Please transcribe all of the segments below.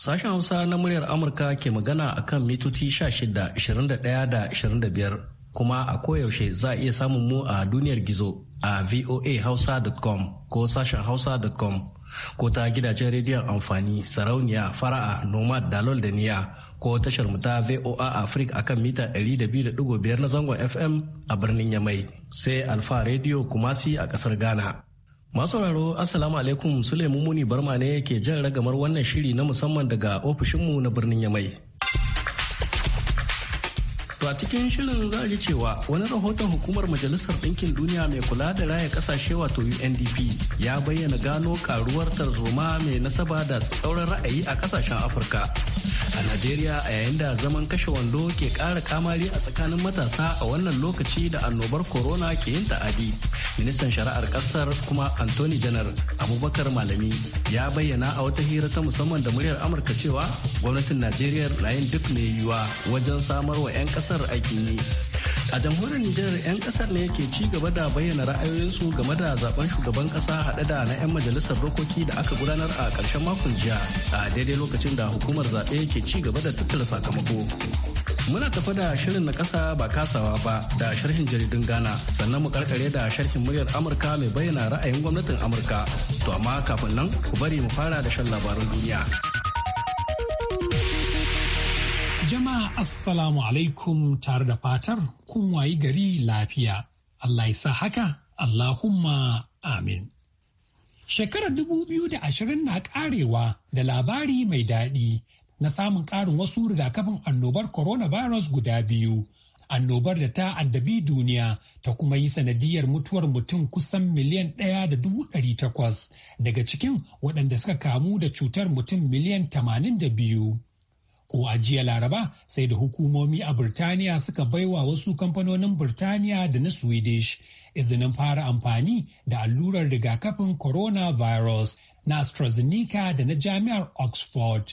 Sashen Hausa na muryar Amurka ke magana a kan mitoci 16, 21 da 25 kuma a koyaushe za a iya samun mu a duniyar gizo a voahausa.com ko sashen hausa.com ko ta gidajen rediyon amfani sarauniya fara'a nomad dalol da niya ko tashar mu ta VOA Africa akan mita 200.5 na zangon FM a birnin Yamai sai Alfa Radio Kumasi a kasar Ghana. Masu sauraro Assalamu alaikum Sulaimu Muni Barma ne ke jan ragamar wannan shiri na musamman daga ofishinmu na birnin Yamai. To a cikin shirin za a ji cewa wani rahoton hukumar Majalisar Ɗinkin Duniya mai kula da raya ƙasashe wato UNDP ya bayyana gano karuwar tarzoma mai nasaba da tsauran ra'ayi a ƙasashen Afirka. a najeriya a yayin da zaman kashe wando ke ƙara kamari a tsakanin matasa a wannan lokaci da annobar corona ke yin ta'adi ministan shari'ar ƙasar kuma anthony janar abubakar malami ya bayyana a wata hira ta musamman da muryar amurka cewa gwamnatin najeriya na yin duk mai yiwuwa wajen samar wa 'yan ƙasar aikin yi a jamhuriyar nijar 'yan kasar ne ke ci gaba da bayyana ra'ayoyinsu game da zaben shugaban kasa haɗe da na 'yan majalisar dokoki da aka gudanar a ƙarshen makon jiya a daidai lokacin da hukumar zaɓe ke ci gaba da tattara sakamako muna tafa da shirin na kasa ba kasawa ba da sharhin jaridun ghana sannan mu karkare da sharhin muryar amurka mai bayyana ra'ayin gwamnatin amurka to amma kafin nan ku bari mu fara da shan labaran duniya jama'a assalamu alaikum tare da fatar kun wayi gari lafiya. Allah ya sa haka Allahumma amin. Shekarar dubu biyu da ashirin na karewa da labari mai daɗi na samun ƙarin wasu rigakafin annobar coronavirus guda biyu. Annobar da ta addabi duniya ta kuma yi sanadiyar mutuwar mutum kusan miliyan ɗaya da dubu ɗari takwas daga cikin waɗanda suka kamu da cutar mutum miliyan tamanin da biyu. Ko a jiya Laraba sai da hukumomi a Birtaniya suka baiwa wasu kamfanonin Birtaniya da na Swedish izinin fara amfani da allurar rigakafin coronavirus na AstraZeneca da na jami'ar Oxford.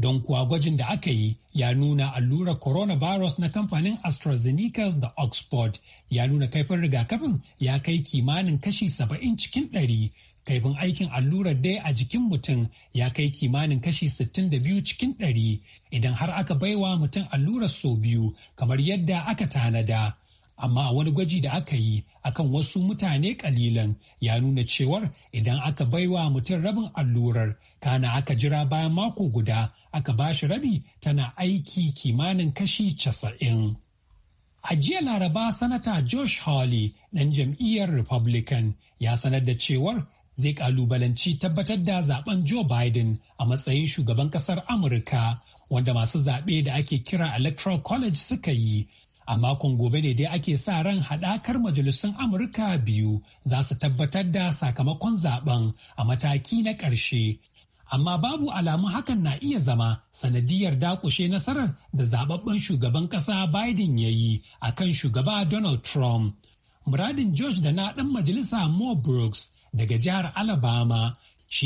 Don kuwa gwajin da aka yi ya nuna allurar coronavirus na kamfanin AstraZeneca da Oxford ya nuna kaifin rigakafin ya kai kimanin kashi 70 cikin ɗari. kaibin aikin allurar dai a jikin mutum ya kai kimanin kashi 62 cikin ɗari idan har aka baiwa mutum allurar sau biyu kamar yadda aka tanada. Amma wani gwaji da aka yi akan wasu mutane kalilan ya nuna cewar idan aka baiwa mutum rabin allurar kana aka jira bayan mako guda aka bashi rabi tana aiki kimanin kashi casa'in. A jiya Laraba Sanata Josh Hawley ɗan jam'iyyar Republican ya sanar da cewar zai kalubalanci tabbatar da zaben Joe Biden a matsayin shugaban kasar Amurka wanda masu zaɓe da ake kira Electoral College suka yi. A makon gobe ne dai ake sa ran haɗakar majalisun Amurka biyu za su tabbatar da sakamakon zaben a mataki na ƙarshe. Amma babu alamun hakan na iya zama sanadiyar dakushe nasarar da zababben shugaban ƙasa Biden ya yi a kan shugaba Donald Trump. Muradin George da na ɗan majalisa Mo Brooks daga jihar Alabama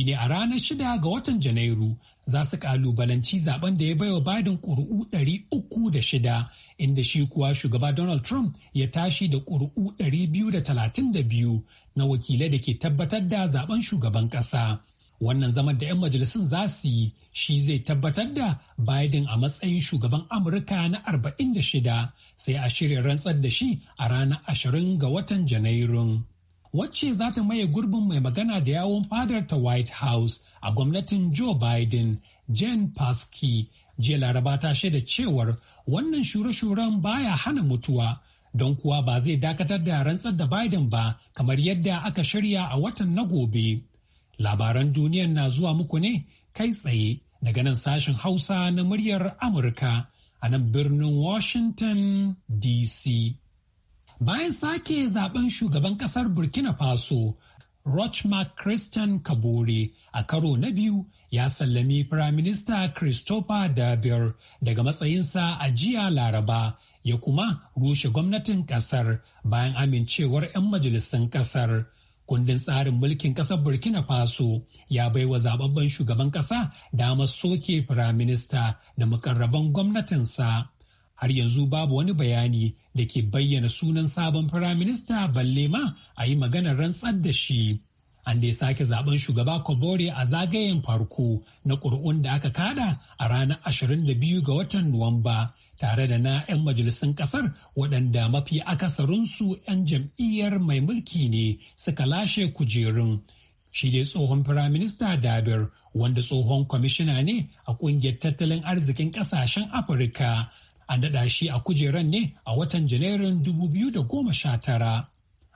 ne a ranar shida ga watan Janairu za su kalubalanci zaben da ya baiwa Biden ƙuri'u ɗari uku da shida inda shi kuwa shugaba Donald Trump ya tashi da ƙuri'u ɗari biyu da talatin da biyu na wakilai da ke tabbatar da zaben shugaban ƙasa. Wannan zaman da 'yan majalisun za su yi shi zai tabbatar da Biden a matsayin shugaban Amurka na 46 sai a shirya rantsar da shi a ranar 20 ga watan Janairun. wacce za ta maye gurbin mai magana da yawon fadar ta White House a gwamnatin Joe Biden, Jen paski jiya laraba ta shaida cewar wannan shure-shuren baya hana mutuwa don kuwa ba zai dakatar da rantsar da Biden ba kamar yadda aka shirya a watan na gobe. Labaran duniyar na zuwa muku ne kai tsaye daga nan sashen Hausa na muryar Amurka a nan birnin Washington DC. Bayan sake zaben shugaban kasar Burkina Faso, Rochmark Christian Kabore a karo na biyu ya sallami Firaminista Christopher Dabir daga matsayinsa a jiya Laraba ya kuma rushe gwamnatin kasar bayan amincewar 'yan majalisun kasar. Kundin tsarin mulkin kasar Burkina Faso ya baiwa zababben shugaban kasa Dama soke firaminista da mukarraban gwamnatinsa. Har yanzu babu wani bayani da ke bayyana sunan sabon firaminista balle ma a yi maganar rantsar da shi. An dai sake zaben shugaba Kobore a zagayen farko na ƙuri'un da aka kada a ranar 22 ga watan Nuwamba tare da na 'yan majalisun ƙasar waɗanda mafi akasarinsu 'yan jam'iyyar mai mulki ne suka lashe kujerun. Shi dai tsohon firaminista Dabir wanda tsohon kwamishina ne a ƙungiyar tattalin arzikin ƙasashen Afirka An daɗa shi a kujeran ne a watan Janairun 2019.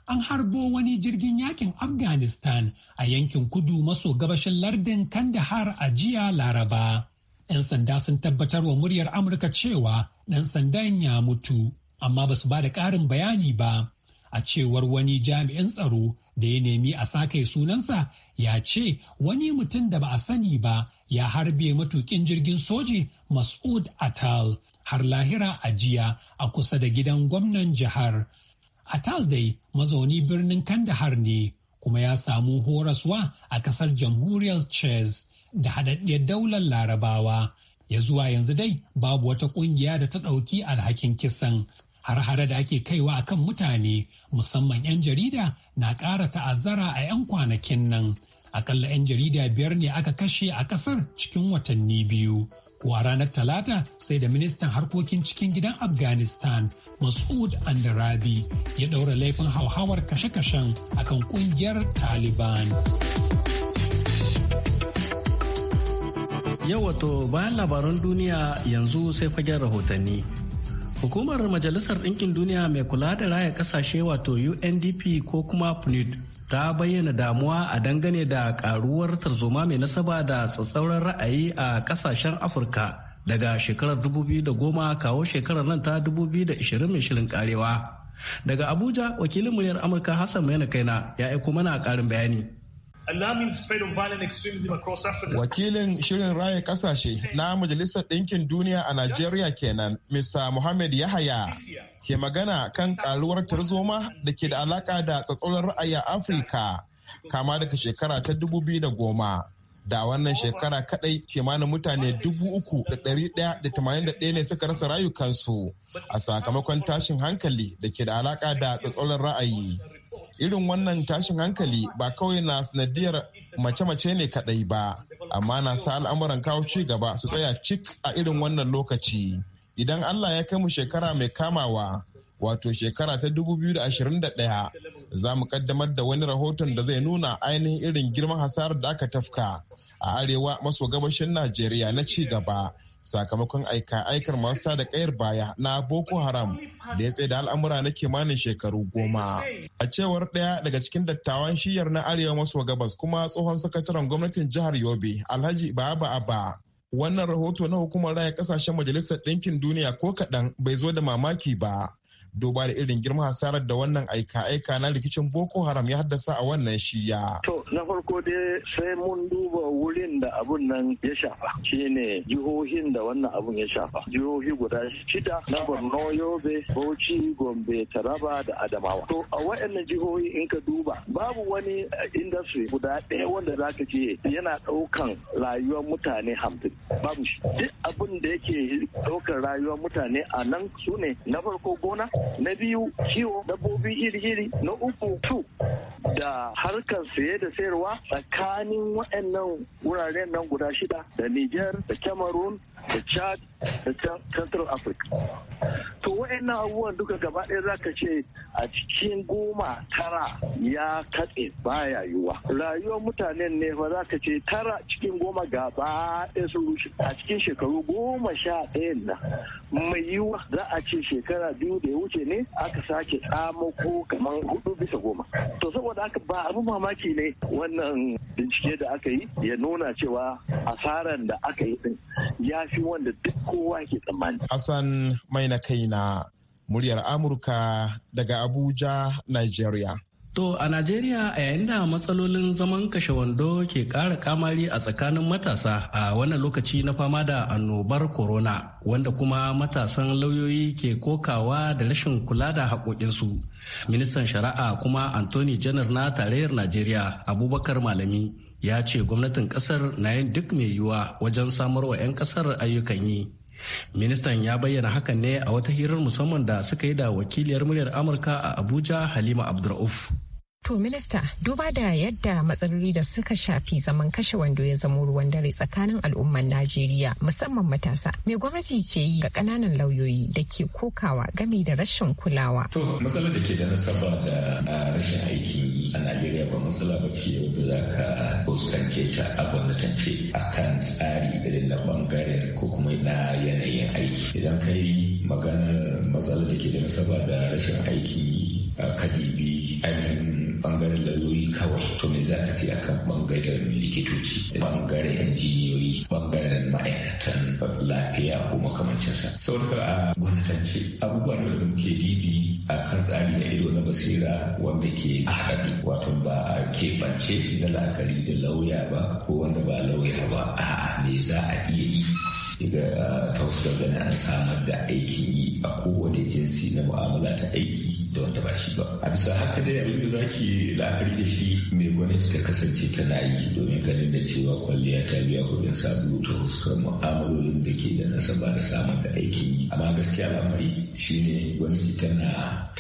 An harbo wani jirgin yakin Afghanistan a yankin kudu maso gabashin lardin Kandahar a jiya Laraba. 'Yan sanda sun tabbatar wa muryar Amurka cewa ɗan sandan ya mutu, amma ba su ba da ƙarin bayani ba. A cewar wani jami'in tsaro da ya nemi a sake sunansa ya ce wani mutum da ba a sani ba ya harbe matukin jirgin soji Mas'ud Atal har lahira a jiya, a kusa da gidan gwamnan jihar. Atal dai mazauni birnin Kandahar ne kuma ya samu horaswa a kasar jamhuriyar Chez da haɗaɗɗiyar daular larabawa. Ya zuwa yanzu dai babu wata ƙungiya da ta ɗauki alhakin kisan. Har-hare da ake kaiwa a kan mutane musamman 'yan jarida na ƙara ta'azzara a 'yan kwanakin nan. Akalla 'yan jarida biyar ne aka kashe a ƙasar cikin watanni biyu. Kuwa ranar Talata sai da ministan harkokin cikin gidan Afghanistan Masud Andarabi ya ɗaura laifin hauhawar kashe-kashen akan ƙungiyar Taliban. Yau wato bayan labaran duniya yanzu sai fagen rahotanni. Hukumar Majalisar Ɗinkin Duniya mai kula da raya ƙasashe wato UNDP ko kuma PNUD ta bayyana damuwa a dangane da karuwar tarzoma mai nasaba da tsatsauran ra'ayi a kasashen afirka daga shekarar 2010 kawo shekarar nan ta 2020 mai shirin karewa daga abuja wakilin muryar amurka hassan mai kaina ya aiko mana karin bayani Wakilin Shirin Raya Kasashe na Majalisar Ɗinkin Duniya a Najeriya kenan, Mr. Muhammad Yahaya, ke magana kan ƙaruwar tarzoma da ke da alaƙa da tsatsauran ra'ayi a Afirka, kama daga shekara ta da goma. da wannan shekara kadai kimanin mutane 3,181 ne suka rasa rayukansu a sakamakon tashin hankali da ke da alaka da tsatsauran ra'ayi. irin wannan tashin hankali ba kawai na sanadiyar mace-mace ne kadai ba amma na sa al'amuran kawo ci gaba su tsaya cik a irin wannan lokaci idan allah ya kai mu shekara mai kamawa wato shekara ta 2021 za mu kaddamar da wani rahoton da zai nuna ainihin irin girman hasarar da aka tafka a arewa maso gabashin najeriya na ci gaba sakamakon aika aikar masu da kayar baya na boko haram da ya tsaye da al'amura na kimanin shekaru goma a cewar ɗaya daga cikin dattawan shiyar na arewa maso gabas kuma tsohon sakataren gwamnatin jihar yobe alhaji baba aba wannan rahoto na hukumar raya kasashen majalisar ɗinkin duniya ko kaɗan bai zo da mamaki ba duba da irin girma, hasarar da wannan aika-aika na rikicin boko haram ya haddasa a wannan shiya. to na farko dai sai mun duba wurin da abun nan ya shafa shine jihohin da wannan abun ya shafa jihohi guda shida na borno yobe bauchi gombe taraba da adamawa to a wa'annan jihohi in ka duba babu wani eh, industry guda ɗaya wanda za ka je yana ɗaukan rayuwar mutane hamsin babu shi duk abun da yake ɗaukan rayuwar mutane a nan su ne na farko gona na biyu kiwo dabbobi iri-iri na uku Tu; da harkar saye da sayarwa tsakanin waɗannan wuraren nan guda shida da Nijar da Cameroon da chad da central africa to waɗannan abubuwan duka gaba ɗaya za ka ce a cikin goma tara ya katse baya yiwuwa rayuwar mutanen ne ba za ka ce tara cikin goma gaba ɗaya sun rushe a cikin shekaru goma sha ɗaya na, mai yiwuwa za a ce shekara biyu da ya wuce ne aka sake ko kamar hudu bisa goma to saboda aka ba abu mamaki ne wannan bincike da aka yi ya nuna cewa asaran da aka yi din ya fi fi wanda duk kowa ke tsammani. Hassan mai na kai na muryar Amurka daga Abuja, Nigeria. To a Najeriya a yayin da matsalolin zaman kashe wando ke ƙara kamari a tsakanin matasa a wannan lokaci na fama da annobar corona wanda kuma matasan lauyoyi ke kokawa da rashin kula da haƙoƙinsu. Ministan shari'a kuma Anthony Janar na tarayyar Najeriya Abubakar Malami ya ce gwamnatin kasar na yin duk mai yiwuwa wajen samar wa 'yan kasar ayyukan yi ministan ya bayyana hakan ne a wata hirar musamman da suka yi da wakiliyar muryar amurka a abuja halima abdur'uf To minista duba da yadda matsaloli da suka shafi zaman kashe wando ya zamo ruwan dare tsakanin al'ummar Najeriya musamman matasa. Me gwamnati ke yi ga ƙananan lauyoyi da ke kokawa game da rashin kulawa? To matsalar da ke da nasaba da rashin aiki a Najeriya ba matsala ba ce wadda za ka fuskance ta a gwamnatance a kan tsari irin na bangaren ko kuma na yanayin aiki. Idan ka yi maganar matsalar da ke da nasaba da rashin aiki kadibi ainihin bangaren lauyoyi kawai to me za ka ce akan bangaren likitoci bangaren injiniyoyi bangaren ma'aikatan lafiya ko makamancinsa da a gwamnatance abubuwa da muke dibi a kan tsari na ido na basira wanda ke haɗaɗi wato ba a keɓance na la'akari da lauya ba ko wanda ba lauya ba a me za a iya yi daga ah, ta wasu ganin an samar da aikin yi a kowane jinsi na mu'amala ta aiki da wanda ba shi ba a bisa haka dai abin da zaki la'akari da shi mai gwamnati ta kasance tana yi domin ganin da cewa kwalliya ta biya kudin sabulu ta fuskar mu'amalolin da ke da nasaba da samun da aikin yi amma gaskiya lamari shine gwamnati tana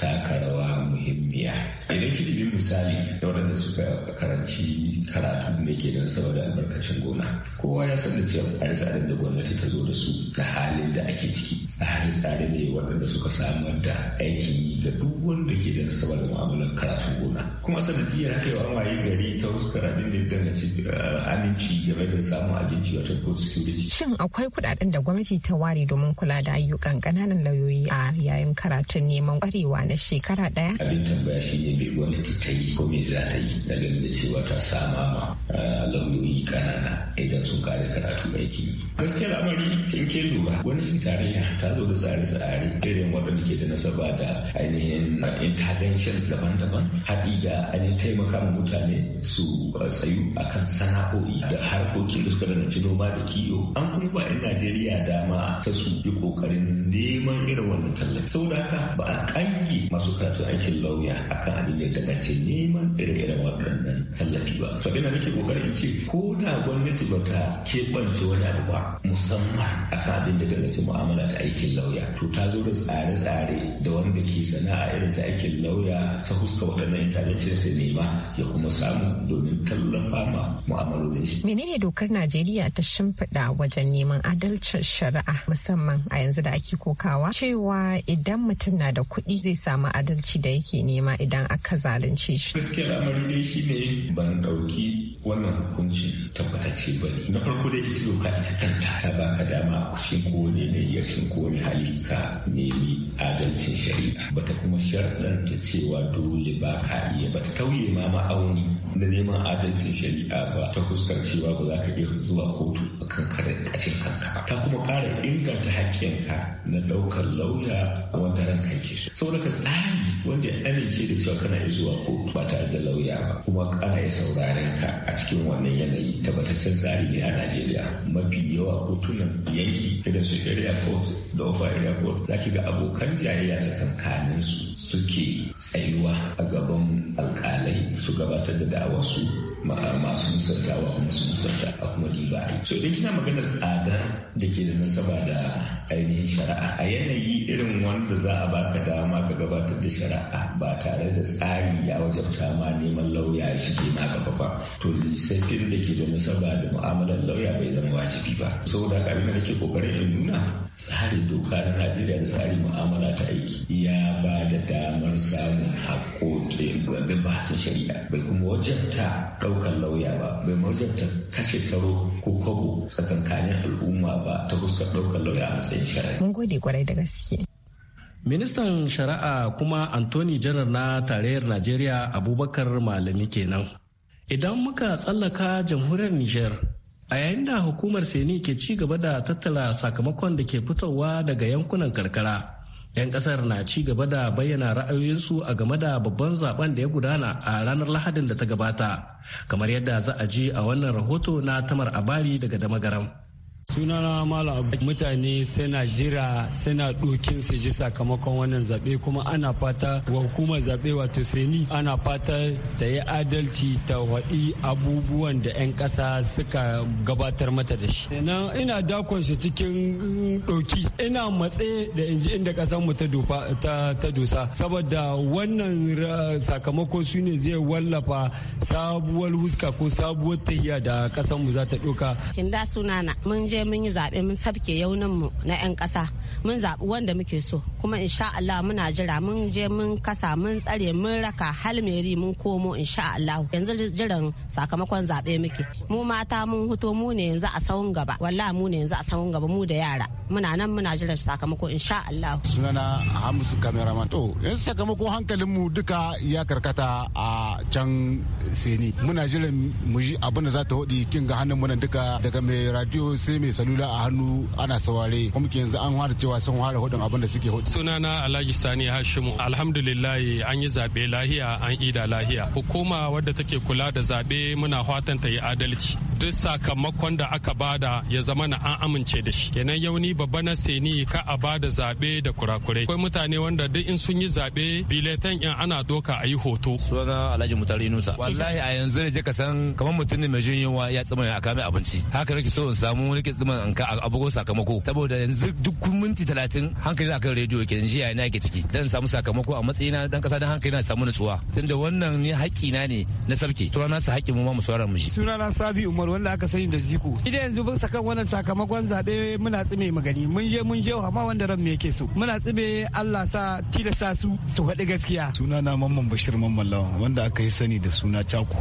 taka rawa muhimmiya idan ki dubi misali da waɗanda suka karanci karatu da ke da nasaba da albarkacin gona kowa ya san da cewa tsare-tsaren da gwamnati ta zo da su da halin da ake ciki tsare-tsare ne waɗanda suka samar da aikin yi ga duk da ke da nasaba da mu'amalar karatu gona kuma sanadiyar haka yawan waye gari ta wasu karatun da eh, aminci game da samun abinci wata food security shin akwai kudaden da gwamnati ta ware domin kula da ayyukan kananan lauyoyi a yayin karatun neman kwarewa na shekara ɗaya? abin tambaya shi ne mai gwamnati ta yi ko me za ta yi na ganin da cewa ta sama ma eh, lauyoyi kanana idan sun kare karatu aiki gaskiya lamari tun ke lura gwamnati tarayya ta zo da tsare-tsare irin waɗanda ke da nasaba da ainihin interventions daban-daban haɗi da an taimaka ma mutane su uh, tsayu akan sana'o'i da harkokin da suka danganci noma da kiyo. an kuma ba 'yan najeriya dama ta su yi kokarin neman irin wannan tallafi Sau da haka ba a kange masu karatu aikin lauya akan abin da danganci neman ire-iren waɗannan tallafi ba to ina nake kokarin ce ko da gwamnati ba ta keɓance wani abu ba musamman akan abin da danganci mu'amala ta aikin lauya to ta zo da tsare-tsare da wanda ke sana'a irin ta aikin lauya ta huska waɗannan interventions ya nema ya kuma samu domin tallafa ma mu'amalolin shi. Menene dokar Najeriya ta shimfiɗa wajen neman adalcin shari'a musamman a yanzu da ake kokawa cewa idan mutum na da kuɗi zai samu adalci da yake nema idan aka zalunce shi. Gaskiyar al'amari ne shi ne ban ɗauki wannan hukunci tabbatacce ba ne. Na farko dai ita doka ita kanta ta baka dama a kushin kowane ne ya cikin kowane hali ka nemi adalcin shari'a bata kuma ta cewa dole ba ka iya ba ta tauye ma ma'auni na neman adalcin shari'a ba ta fuskar cewa ba za ka iya zuwa kotu a kan karin kashin kanka ta kuma kare inganta hakkinka na ɗaukar lauya wanda ranka ke so saboda ka tsari wanda ya amince da cewa kana iya zuwa kotu ba tare da lauya ba kuma kana iya sauraren ka a cikin wannan yanayi tabbataccen tsari ne a Najeriya mafi yawa kotunan yanki irin su area court da ofa area court za ki ga abokan jayayya tsakankanin su suke tsayuwa a gaban alkalai su gabatar da ao é assunto. masu wa kuma su musarta a kuma riba so idan kina maganar tsada da ke da nasaba da ainihin shari'a a yanayi irin wanda za a baka dama ka gabatar da shari'a ba tare da tsari ya wajabta ma neman lauya shi ke ma gaba ba to lissafin da ke da nasaba da mu'amalar lauya bai zama wajibi ba saboda k'a abin da ke kokarin in nuna tsarin doka na najeriya da tsarin mu'amala ta aiki ya ba da damar samun haƙoƙin da ba su shari'a bai kuma wajabta ɗau. ɗaukar lauya ba bai mawajarta kashe karo ko kwabo tsakankanin al'umma ba ta fuskar ɗaukar lauya a matsayin shari'a. Mun gode kwarai da gaske. Ministan Shari'a kuma Anthony Janar na tarayyar Najeriya Abubakar Malami kenan. Idan muka tsallaka jamhuriyar niger a yayin da hukumar Seni ke ci gaba da tattala sakamakon da ke fitowa daga yankunan karkara. 'yan kasar na ci gaba da bayyana ra'ayoyinsu a game da babban zaben da ya gudana a ranar lahadin da ta gabata kamar yadda za a ji a wannan rahoto na tamar abari daga damagaram sunana mala abu mutane suna jira suna dokin su ji sakamakon wannan zaɓe kuma ana fata wa hukumar zaɓe wato seni ana fata ta yi adalci ta waɗi abubuwan da 'yan ƙasa suka gabatar mata da shi ina dakon shi cikin mm, ɗoki ina matse da in ji inda ƙasar mu ta dosa saboda wannan sakamako su ne zai wallafa sabuwar huska ko sabuwar tahiya da ƙasar mu za ta ɗoka. je mun yi zaɓe mun sabke yaunin mu na 'yan ƙasa mun zaɓi wanda muke so kuma insha Allah muna jira mun je mun kasa mun tsare mun raka halmeri mun komo insha Allah yanzu jiran sakamakon zaɓe muke mu mata mun huto mu ne yanzu a sawun gaba wallahi mu ne yanzu a sawun gaba mu da yara muna nan muna jiran sakamako insha Allah sunana Hamisu cameraman to yanzu sakamakon hankalin mu duka ya karkata a can seni muna jiran mu ji abin da za ta hodi kin ga hannun mu duka daga mai radio sai mai salula a hannu ana saware. kuma muke yanzu an fara cewa sun fara hudun abin da suke hudu sunana alhaji sani hashimu alhamdulillah an yi zabe lahiya an ida lahiya hukuma wadda take kula da zabe muna fatan ta yi adalci duk sakamakon da aka bada ya zama na an amince da shi kenan yau ni babba na seni ka a bada zabe da kurakurai akwai mutane wanda duk in sun yi zabe biletan in ana doka a yi hoto suna alhaji Mutari nusa wallahi a yanzu ne ka san kamar mutum ne mai jin yunwa ya tsamaya a kame abinci haka nake so in samu nake an ka a sakamako saboda yanzu duk minti talatin hankali na kan rediyo ke yanzu yayin yake ciki dan samu sakamako a matsayina dan kasa dan hankali na samu nutsuwa tunda wannan ne haƙƙi na ne na sarki to na sa haƙƙi mu ma mu saurara mu shi suna na Sabi Umar wanda aka sani da Ziko idan yanzu bin sakan wannan sakamakon zabe muna tsime magani mun je mun je amma wanda ran me yake so muna tsime Allah sa tilasta su su faɗi gaskiya suna na Mamman Bashir Mamman Lawan wanda aka yi sani da suna Chako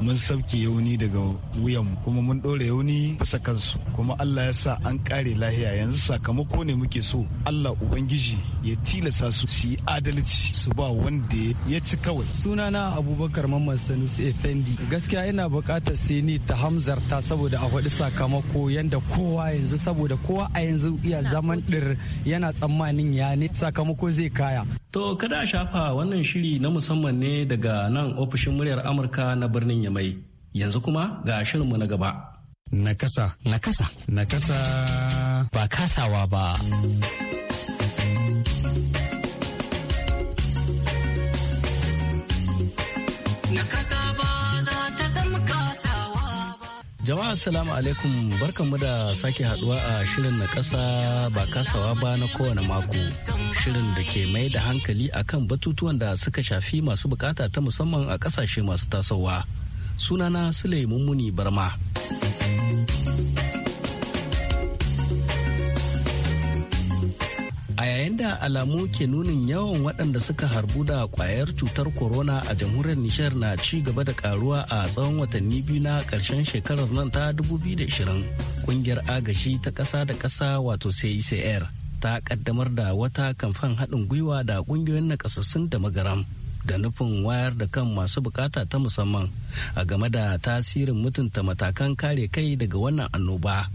mun sauke yauni daga wuyan kuma mun ɗora yauni bisa kansu kuma Allah ya sa an kare lahiya yanzu sakamako ne muke so Allah ubangiji ya tilasa su su yi adalci su ba wanda ya ci kawai sunana abubakar mamman sanusi efendi gaskiya ina buƙatar sai ni ta hamzarta saboda a faɗi sakamako yanda kowa yanzu saboda kowa a yanzu iya zaman ɗir yana tsammanin ya ne sakamako zai kaya to kada a shafa wannan shiri na musamman ne daga nan ofishin muryar amurka na birnin birnin mai Yanzu kuma ga shirinmu na gaba. Nakasa. Nakasa. Nakasa. Ba kasawa ba. Jama'a Assalamu alaikum barkanmu da sake haduwa a shirin na kasa ba kasawa ba na kowane mako. Shirin da ke mai da hankali akan batutuwan da suka shafi masu bukata ta musamman a kasashe masu tasowa. sunana sule mummuni barma a yayin da alamu ke nunin yawan waɗanda suka harbu da kwayar cutar corona a jamhuriyar nishar na ci gaba da karuwa a tsawon watanni biyu na ƙarshen shekarar nan ta 2020 ƙungiyar agashi ta ƙasa da ƙasa wato cicr e ta kaddamar da wata kamfan haɗin gwiwa da ƙungiyoyin nakasassun da magaram da nufin wayar da kan masu bukata ta musamman a game da tasirin mutunta matakan kare kai daga wannan annoba.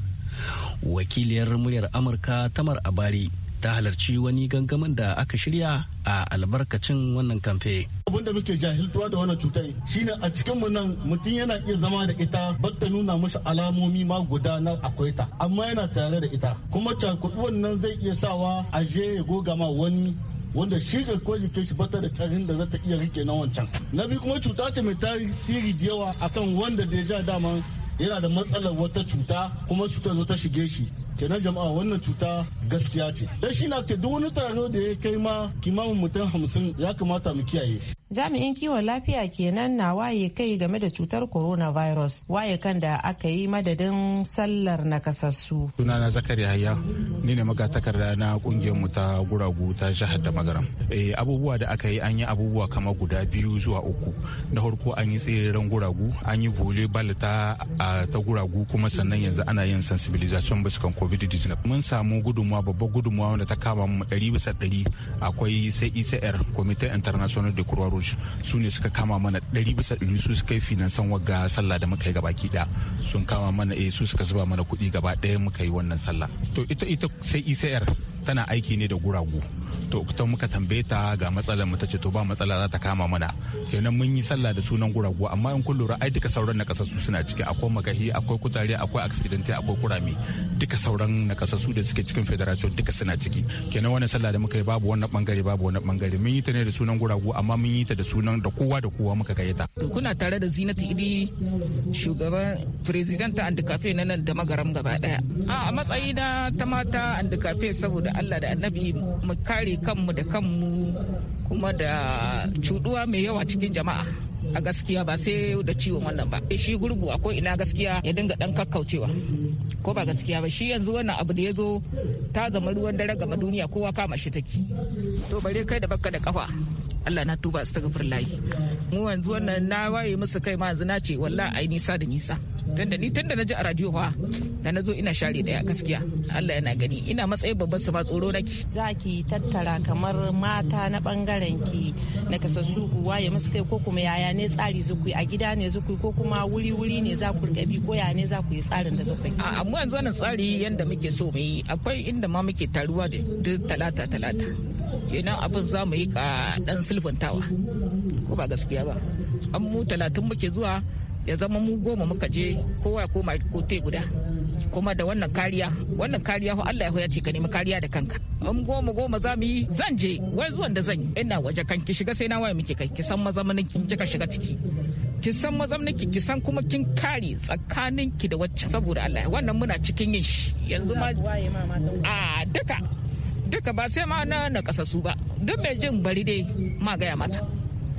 Wakiliyar muryar Amurka Tamar Abari ta halarci wani gangamin da aka shirya a albarkacin wannan kamfe. Abin da muke jahiltuwa da wannan cutar shine a cikin mu nan mutum yana iya zama da ita ta nuna mashi alamomi ma guda na akwai ta amma yana tare da ita kuma cakuduwan nan zai iya sawa a je ya goga ma wani wanda shi kwaji ke shi bata da tarihin da zata iya rike na wancan na biyu kuma cuta ce mai tasiri da yawa akan wanda da ya ja dama yana da matsalar wata cuta kuma cutar zo ta shige shi kenan jama'a wannan cuta gaskiya ce dan shi na ta duk wani taro da ya kai ma kimanin mutum hamsin ya kamata mu kiyaye jami'in kiwon lafiya kenan na waye kai game da cutar coronavirus waye kan da aka yi madadin sallar nakasassu sunana zakari hayya ni ne magatakarda na kungiyar mu ta guragu ta jihar da magaram eh, abubuwa da aka yi an yi abubuwa kamar guda biyu zuwa uku na farko an yi tseren guragu an yi vole bal ta guragu kuma sannan yanzu ana yin sensibilization bisa kan covid-19 mun samu gudunmuwa babbar gudunmuwa wanda ta kama mu ɗari bisa ɗari akwai sai ecr comité international de croix rouge su ne suka kama mana ɗari bisa ɗari su suka yi finansan wagga sallah da muka yi gabaki ɗaya sun kama mana eh su suka zuba mana kuɗi gaba ɗaya muka yi wannan sallah to ita ita sai ecr tana aiki ne da guragu to ta muka tambaye ta ga matsalar mu tace to ba matsala za ta kama mana kenan mun yi sallah da sunan guragu amma in kun lura ai duka sauran na kasassu suna ciki akwai makahi akwai kutare akwai accident akwai kurami duka sauran na kasassu da suke cikin federation duka suna ciki kenan wannan sallah da muka yi babu wannan bangare babu wannan bangare mun yi ta ne da sunan guragu amma mun yi ta da sunan da kowa da kowa muka kai ta kuna tare da Zinatu Idi shugaban president and cafe na nan da magaram gaba daya a matsayi na ta mata and cafe saboda da Allah da annabi mu kare kanmu da kanmu kuma da cuduwa mai yawa cikin jama'a a gaskiya ba sai da ciwon wannan ba shi gurgu a ina gaskiya ya dinga dan kakkaucewa ko ba gaskiya ba shi yanzu wannan abu da ya zo ta zama ruwan dare gama duniya kowa kama shi take to bare kai da bakka da kafa Allah na tuba su ta gafar layi mu yanzu wannan na waye musu kai ma yanzu na ce wallahi ai nisa da nisa don da ni tun da na ji a radio fa da na zo ina share daya gaskiya Allah yana gani ina matsayin babban su ba tsoro nake za ki tattara kamar mata na bangaren ki na kasassu kuwa ya musu kai ko kuma yaya ne tsari zuku a gida ne zuku ko kuma wuri wuri ne za ku rika bi ko ya ne za ku yi tsarin da zuku a amma yanzu wannan tsari yanda muke so mu yi akwai inda ma muke taruwa da talata talata kenan abin za mu yi ka dan sulfuntawa ko ba gaskiya ba an mu talatin muke zuwa ya zama mu goma muka je kowa ya koma kote guda kuma da wannan kariya wannan kariya ho Allah ya ce ka nemi kariya da kanka in goma goma za mu yi zan je wai zuwan da zan yi ina waje kan ki shiga sai na waye muke kai ki san mazamanin ki kika shiga ciki ki san mazamnin ki san kuma kin kare tsakanin ki da wacce saboda Allah wannan muna cikin yin shi yanzu ma a duka duka ba sai ma na na kasasu ba duk mai jin bari dai ma gaya mata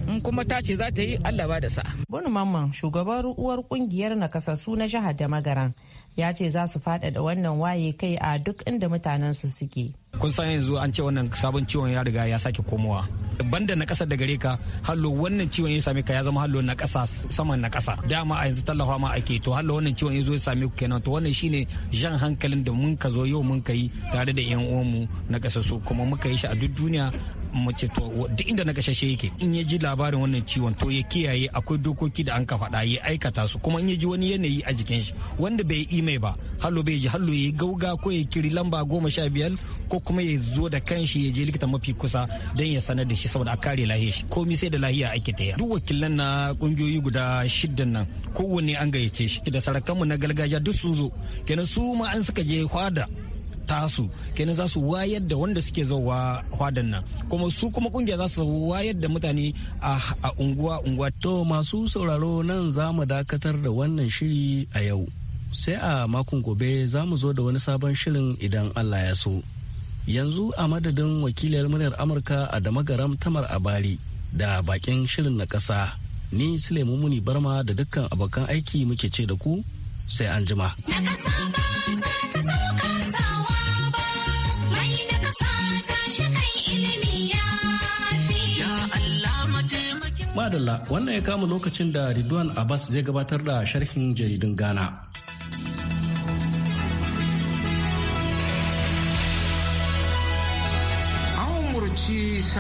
in kuma ta ce za ta yi Allah ba da sa. Bunu Mamman shugaban uwar kungiyar nakasassu na jihar da magaran ya ce za su faɗaɗa wannan waye kai a duk inda mutanen su suke. Kun san yanzu an ce wannan sabon ciwon ya riga ya sake komowa. Banda na ƙasa da gare ka hallo wannan ciwon ya same ka ya zama hallo na ƙasa saman na ƙasa. Dama a yanzu tallafa ma ake to hallo wannan ciwon ya zo ya same ku kenan to wannan shine jan hankalin da mun ka zo yau mun ka yi tare da yan uwanmu na kasa su kuma muka yi shi a duk duniya mace to duk inda na gashashe yake in ya ji labarin wannan ciwon to ya kiyaye akwai dokoki da an ka faɗa ya aikata su kuma in ya ji wani yanayi a jikin shi wanda bai yi mai ba hallo bai ji hallo ya gauga ko ya kiri lamba goma sha biyar ko kuma ya zo da kanshi ya je likita mafi kusa don ya sanar da shi saboda a kare lahiya shi komi sai da lahiya ake ya. duk wakilan na kungiyoyi guda shidda nan kowanne an gayyace shi da sarakanmu na gargajiya duk sun zo kenan su ma an suka je fada tasu kenan za su wayar da wanda suke zauwa fadan nan kuma su kuma kungiya za su wayar da mutane a unguwa unguwa to masu sauraro nan za mu dakatar da wannan shiri a yau sai a makon gobe za mu zo da wani sabon shirin idan allah ya so yanzu a madadin wakiliyar muryar amurka a da magaram tamar abari da bakin shirin na kasa ni sulaimu muni barma da dukkan abokan aiki muke ce da ku sai an jima. Na ƙasa ba za ta sauka Madalla wannan ya kama lokacin da Ridwan Abbas zai gabatar da sharhin jaridun Ghana.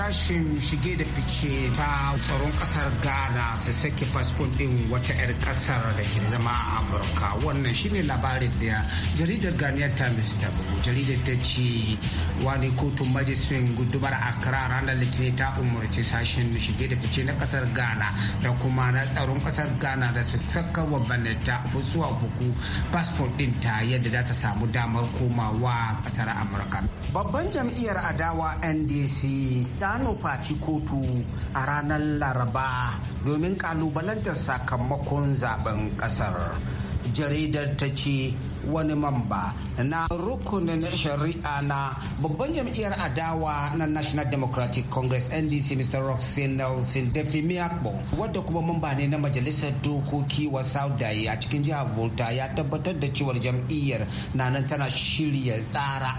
sashen shige da fice ta tsaron kasar ghana su sake fasfon din wata 'yar kasar da ke zama a amurka wannan shine labarin da jaridar ghanaian times ta bugu jaridar ta ce wani kotun majalisun gudumar accra ranar litinin ta umarci sashen shige da fice na kasar ghana da kuma na tsaron kasar ghana da su saka wa banata zuwa buku fasfon din ta yadda za ta samu damar komawa kasar amurka babban jam'iyyar adawa ndc ta ta nufaci kotu a ranar laraba domin kalubalantar sakamakon zaben kasar jaridar ta ce wani mamba na rukunin shari'a na babban jam'iyyar adawa na national democratic congress ndc mr roxin nelson defimiakbo wadda kuma mamba ne na majalisar dokoki wa saudi a cikin jihar volta ya tabbatar da cewar jam'iyyar na nan tana shirya tsara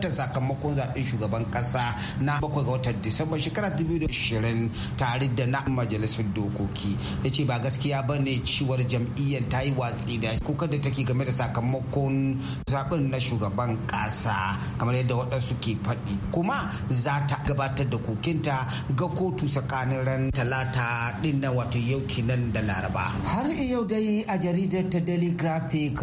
ta sakamakon zaɓen shugaban kasa na bakwai ga watan disamba shekara 2020 tare da na majalisar dokoki ya ce ba gaskiya ba ne cewar jam'iyyar ta yi watsi da kuka da take game da sakamakon sakamakon zaben na shugaban ƙasa kamar yadda waɗansu ke faɗi kuma za ta gabatar da kokinta ga kotu tsakanin ran talata ɗin na wato yau kinan da laraba har yau dai a jaridar ta daily graphic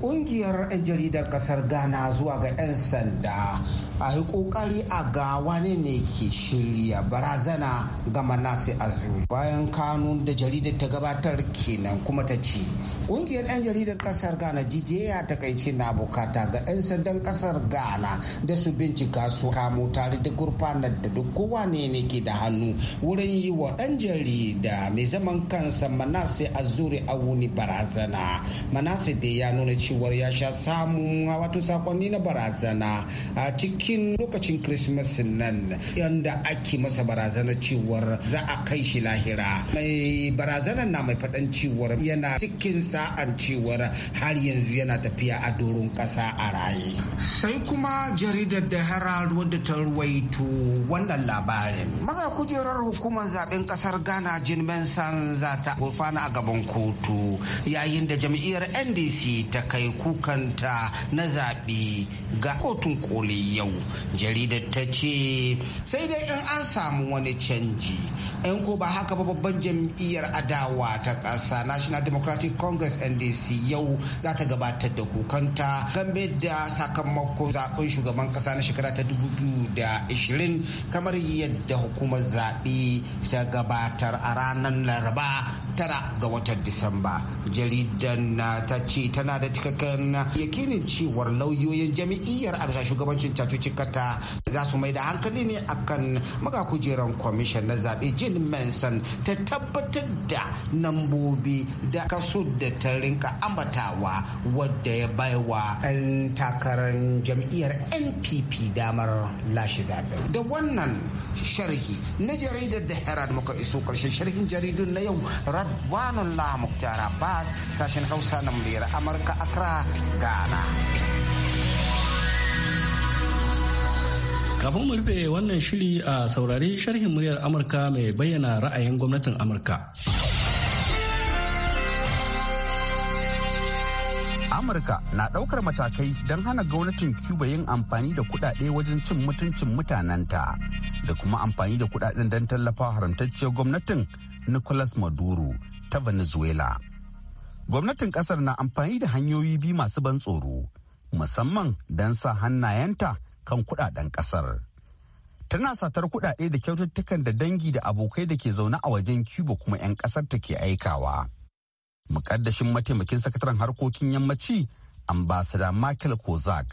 ƙungiyar 'yan jaridar ƙasar ghana zuwa ga 'yan sanda a yi kokari a ga wani ne ke shirya barazana ga manasi azuri bayan kanun da jaridar ta gabatar kenan kuma ta ce ƙungiyar 'yan jaridar kasar ghana jijiya ya takaici na bukata ga 'yan sandan kasar ghana da su bincika su kamo tare da gurfanar da duk kowa ne ke da hannu wurin yi wa ɗan jarida mai zaman kansa manasi azuri wuni barazana manasi dai ya nuna cewar ya sha samun wato sakonni na barazana a cikin cikin lokacin Christmas nan yadda ake masa barazana cewar za a kai shi lahira. Mai barazanar na mai faɗan cewar yana cikin sa'an cewar har yanzu yana tafiya a doron ƙasa a raye. Sai kuma jaridar da Herald wadda ta ruwaito wannan labarin. Maza kujerar hukumar zaben ƙasar Ghana Jin Benson za ta gurfana a gaban kotu yayin da jam'iyyar NDC ta kai kukanta na zaɓe ga kotun koli yau. jaridar ta ce sai dai in an samu wani canji in ko ba haka ba babban jam'iyyar adawa ta ƙasa national democratic congress ndc yau za ta gabatar da kukanta game da sakamakon zaben shugaban ƙasa na shekara ta 2020 kamar yadda hukumar zaɓe ta gabatar a ranar laraba tara ga watan disamba jaridan ta ce tana da cikakken yakinin cewar lauyoyin jami'iyyar a shugabancin cacoci kata za su mai da hankali ne akan magakujeran kwamishin na zaɓe jin manson ta tabbatar da nambobi da kaso da ta rinka ambatawa wadda ya baiwa 'yan takarar jam'iyyar npp damar lashe zaɓe da wannan sharhi na jaridar da herald muka iso karshen sharhin jaridun na yau radwanullah muktar abbas sashen hausa na muryar amurka accra ghana kafin mu rufe wannan shiri a saurari sharhin muryar amurka mai bayyana ra'ayin gwamnatin amurka. amurka na ɗaukar matakai don hana gwamnatin cuba yin amfani da kudade wajen cin mutuncin mutanenta da kuma amfani da kudaden don tallafa haramtacciyar gwamnatin nicolas maduro ta venezuela gwamnatin ƙasar na amfani da hanyoyi bi masu ban tsoro musamman don sa hannayenta kan kudaden ƙasar tana satar kudade da kyaututtukan da dangi da abokai da ke zaune a wajen cuba kuma 'yan ƙasar ta ke aikawa. mukaddashin mataimakin sakataren harkokin yammaci ambasada michael kozak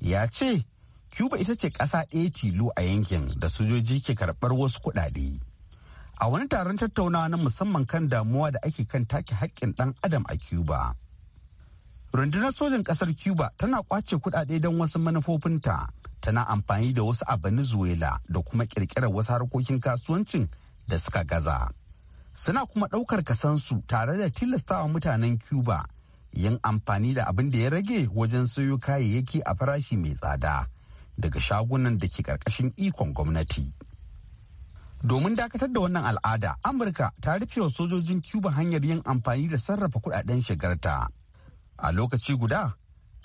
ya ce cuba ita ce ƙasa ɗaya tilo a yankin da sojoji ke karɓar wasu kuɗaɗe a wani taron tattaunawa na musamman kan damuwa da ake kan take haƙƙin ɗan adam a cuba rundunar sojan ƙasar cuba tana ƙwace kuɗaɗe don wasu manufofinta tana amfani da wasu a venezuela da kuma ƙirƙirar wasu harkokin kasuwancin da suka gaza. suna kuma ɗaukar kasansu tare da tilastawa mutanen cuba yin amfani da abin da ya rage wajen sayo kayayyaki a farashi mai tsada daga shagunan da ke ƙarƙashin ikon gwamnati domin dakatar da wannan al'ada amurka ta rufe wa sojojin cuba hanyar yin amfani da sarrafa kudaden shigarta a lokaci guda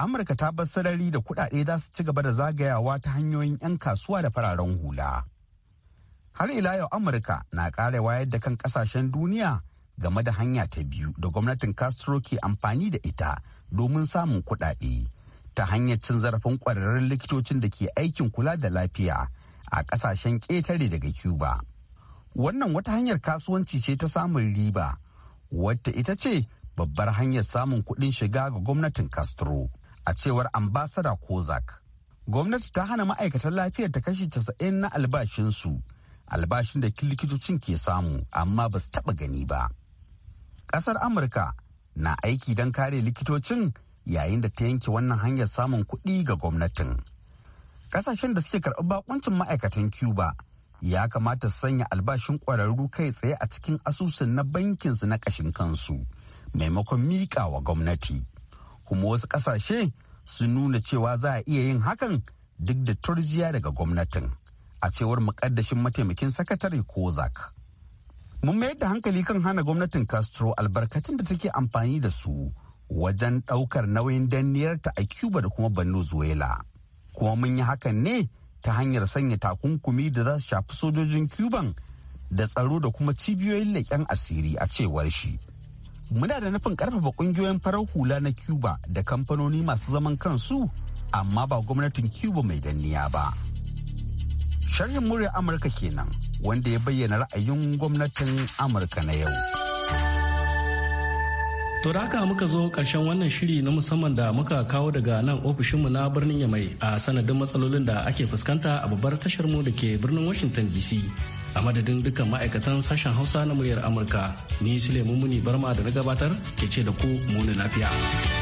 amurka ta bar sarari da kudade za su ci gaba da zagayawa ta hanyoyin 'yan kasuwa da fararen hula har ila yau amurka na ƙara wayar da kan kasashen duniya game da hanya ta biyu da gwamnatin castro ke amfani da ita domin samun kuɗaɗe ta hanyar cin zarafin ƙwararrun likitocin da ke aikin kula da lafiya a kasashen ƙetare daga cuba wannan wata hanyar kasuwanci ce ta samun riba Wata ita ce babbar hanyar samun kuɗin shiga ga gwamnatin castro a cewar ambasada kozak gwamnati ta hana ma'aikatan lafiyar ta kashe 90 na albashinsu albashin da likitocin ke samu amma ba su taɓa gani ba. Ƙasar Amurka na aiki don kare likitocin yayin da ta yanke wannan hanyar samun kuɗi ga gwamnatin. Ƙasashen da suke karɓi bakuncin ma'aikatan Cuba ya kamata su sanya albashin ƙwararru kai tsaye a cikin asusun na bankinsu na ƙashin kansu maimakon miƙa wa gwamnati. Kuma wasu ƙasashe sun nuna cewa za a iya yin hakan duk da turjiya daga gwamnatin. a cewar mukaddashin mataimakin sakatare kozak mun mayar da hankali kan hana gwamnatin castro albarkatun da take amfani da su wajen ɗaukar nauyin danniyarta a cuba da kuma venezuela kuma mun yi hakan ne ta hanyar sanya takunkumi da za su shafi sojojin cuban da tsaro da kuma cibiyoyin leƙen asiri a cewar shi muna da nufin ƙarfafa ƙungiyoyin farar hula na cuba da kamfanoni masu zaman kansu amma ba gwamnatin cuba mai danniya ba Sharhin murya Amurka kenan wanda ya bayyana ra'ayin gwamnatin Amurka na yau. To da haka muka zo ƙarshen wannan shiri na musamman da muka kawo daga nan ofishinmu na birnin Yamai a sanadin matsalolin da ake fuskanta a babbar tashar mu da ke birnin Washington DC. a madadin dukkan ma'aikatan sashen hausa na muryar amurka ni sule mummuni barma da na gabatar ke ce da ku muni lafiya.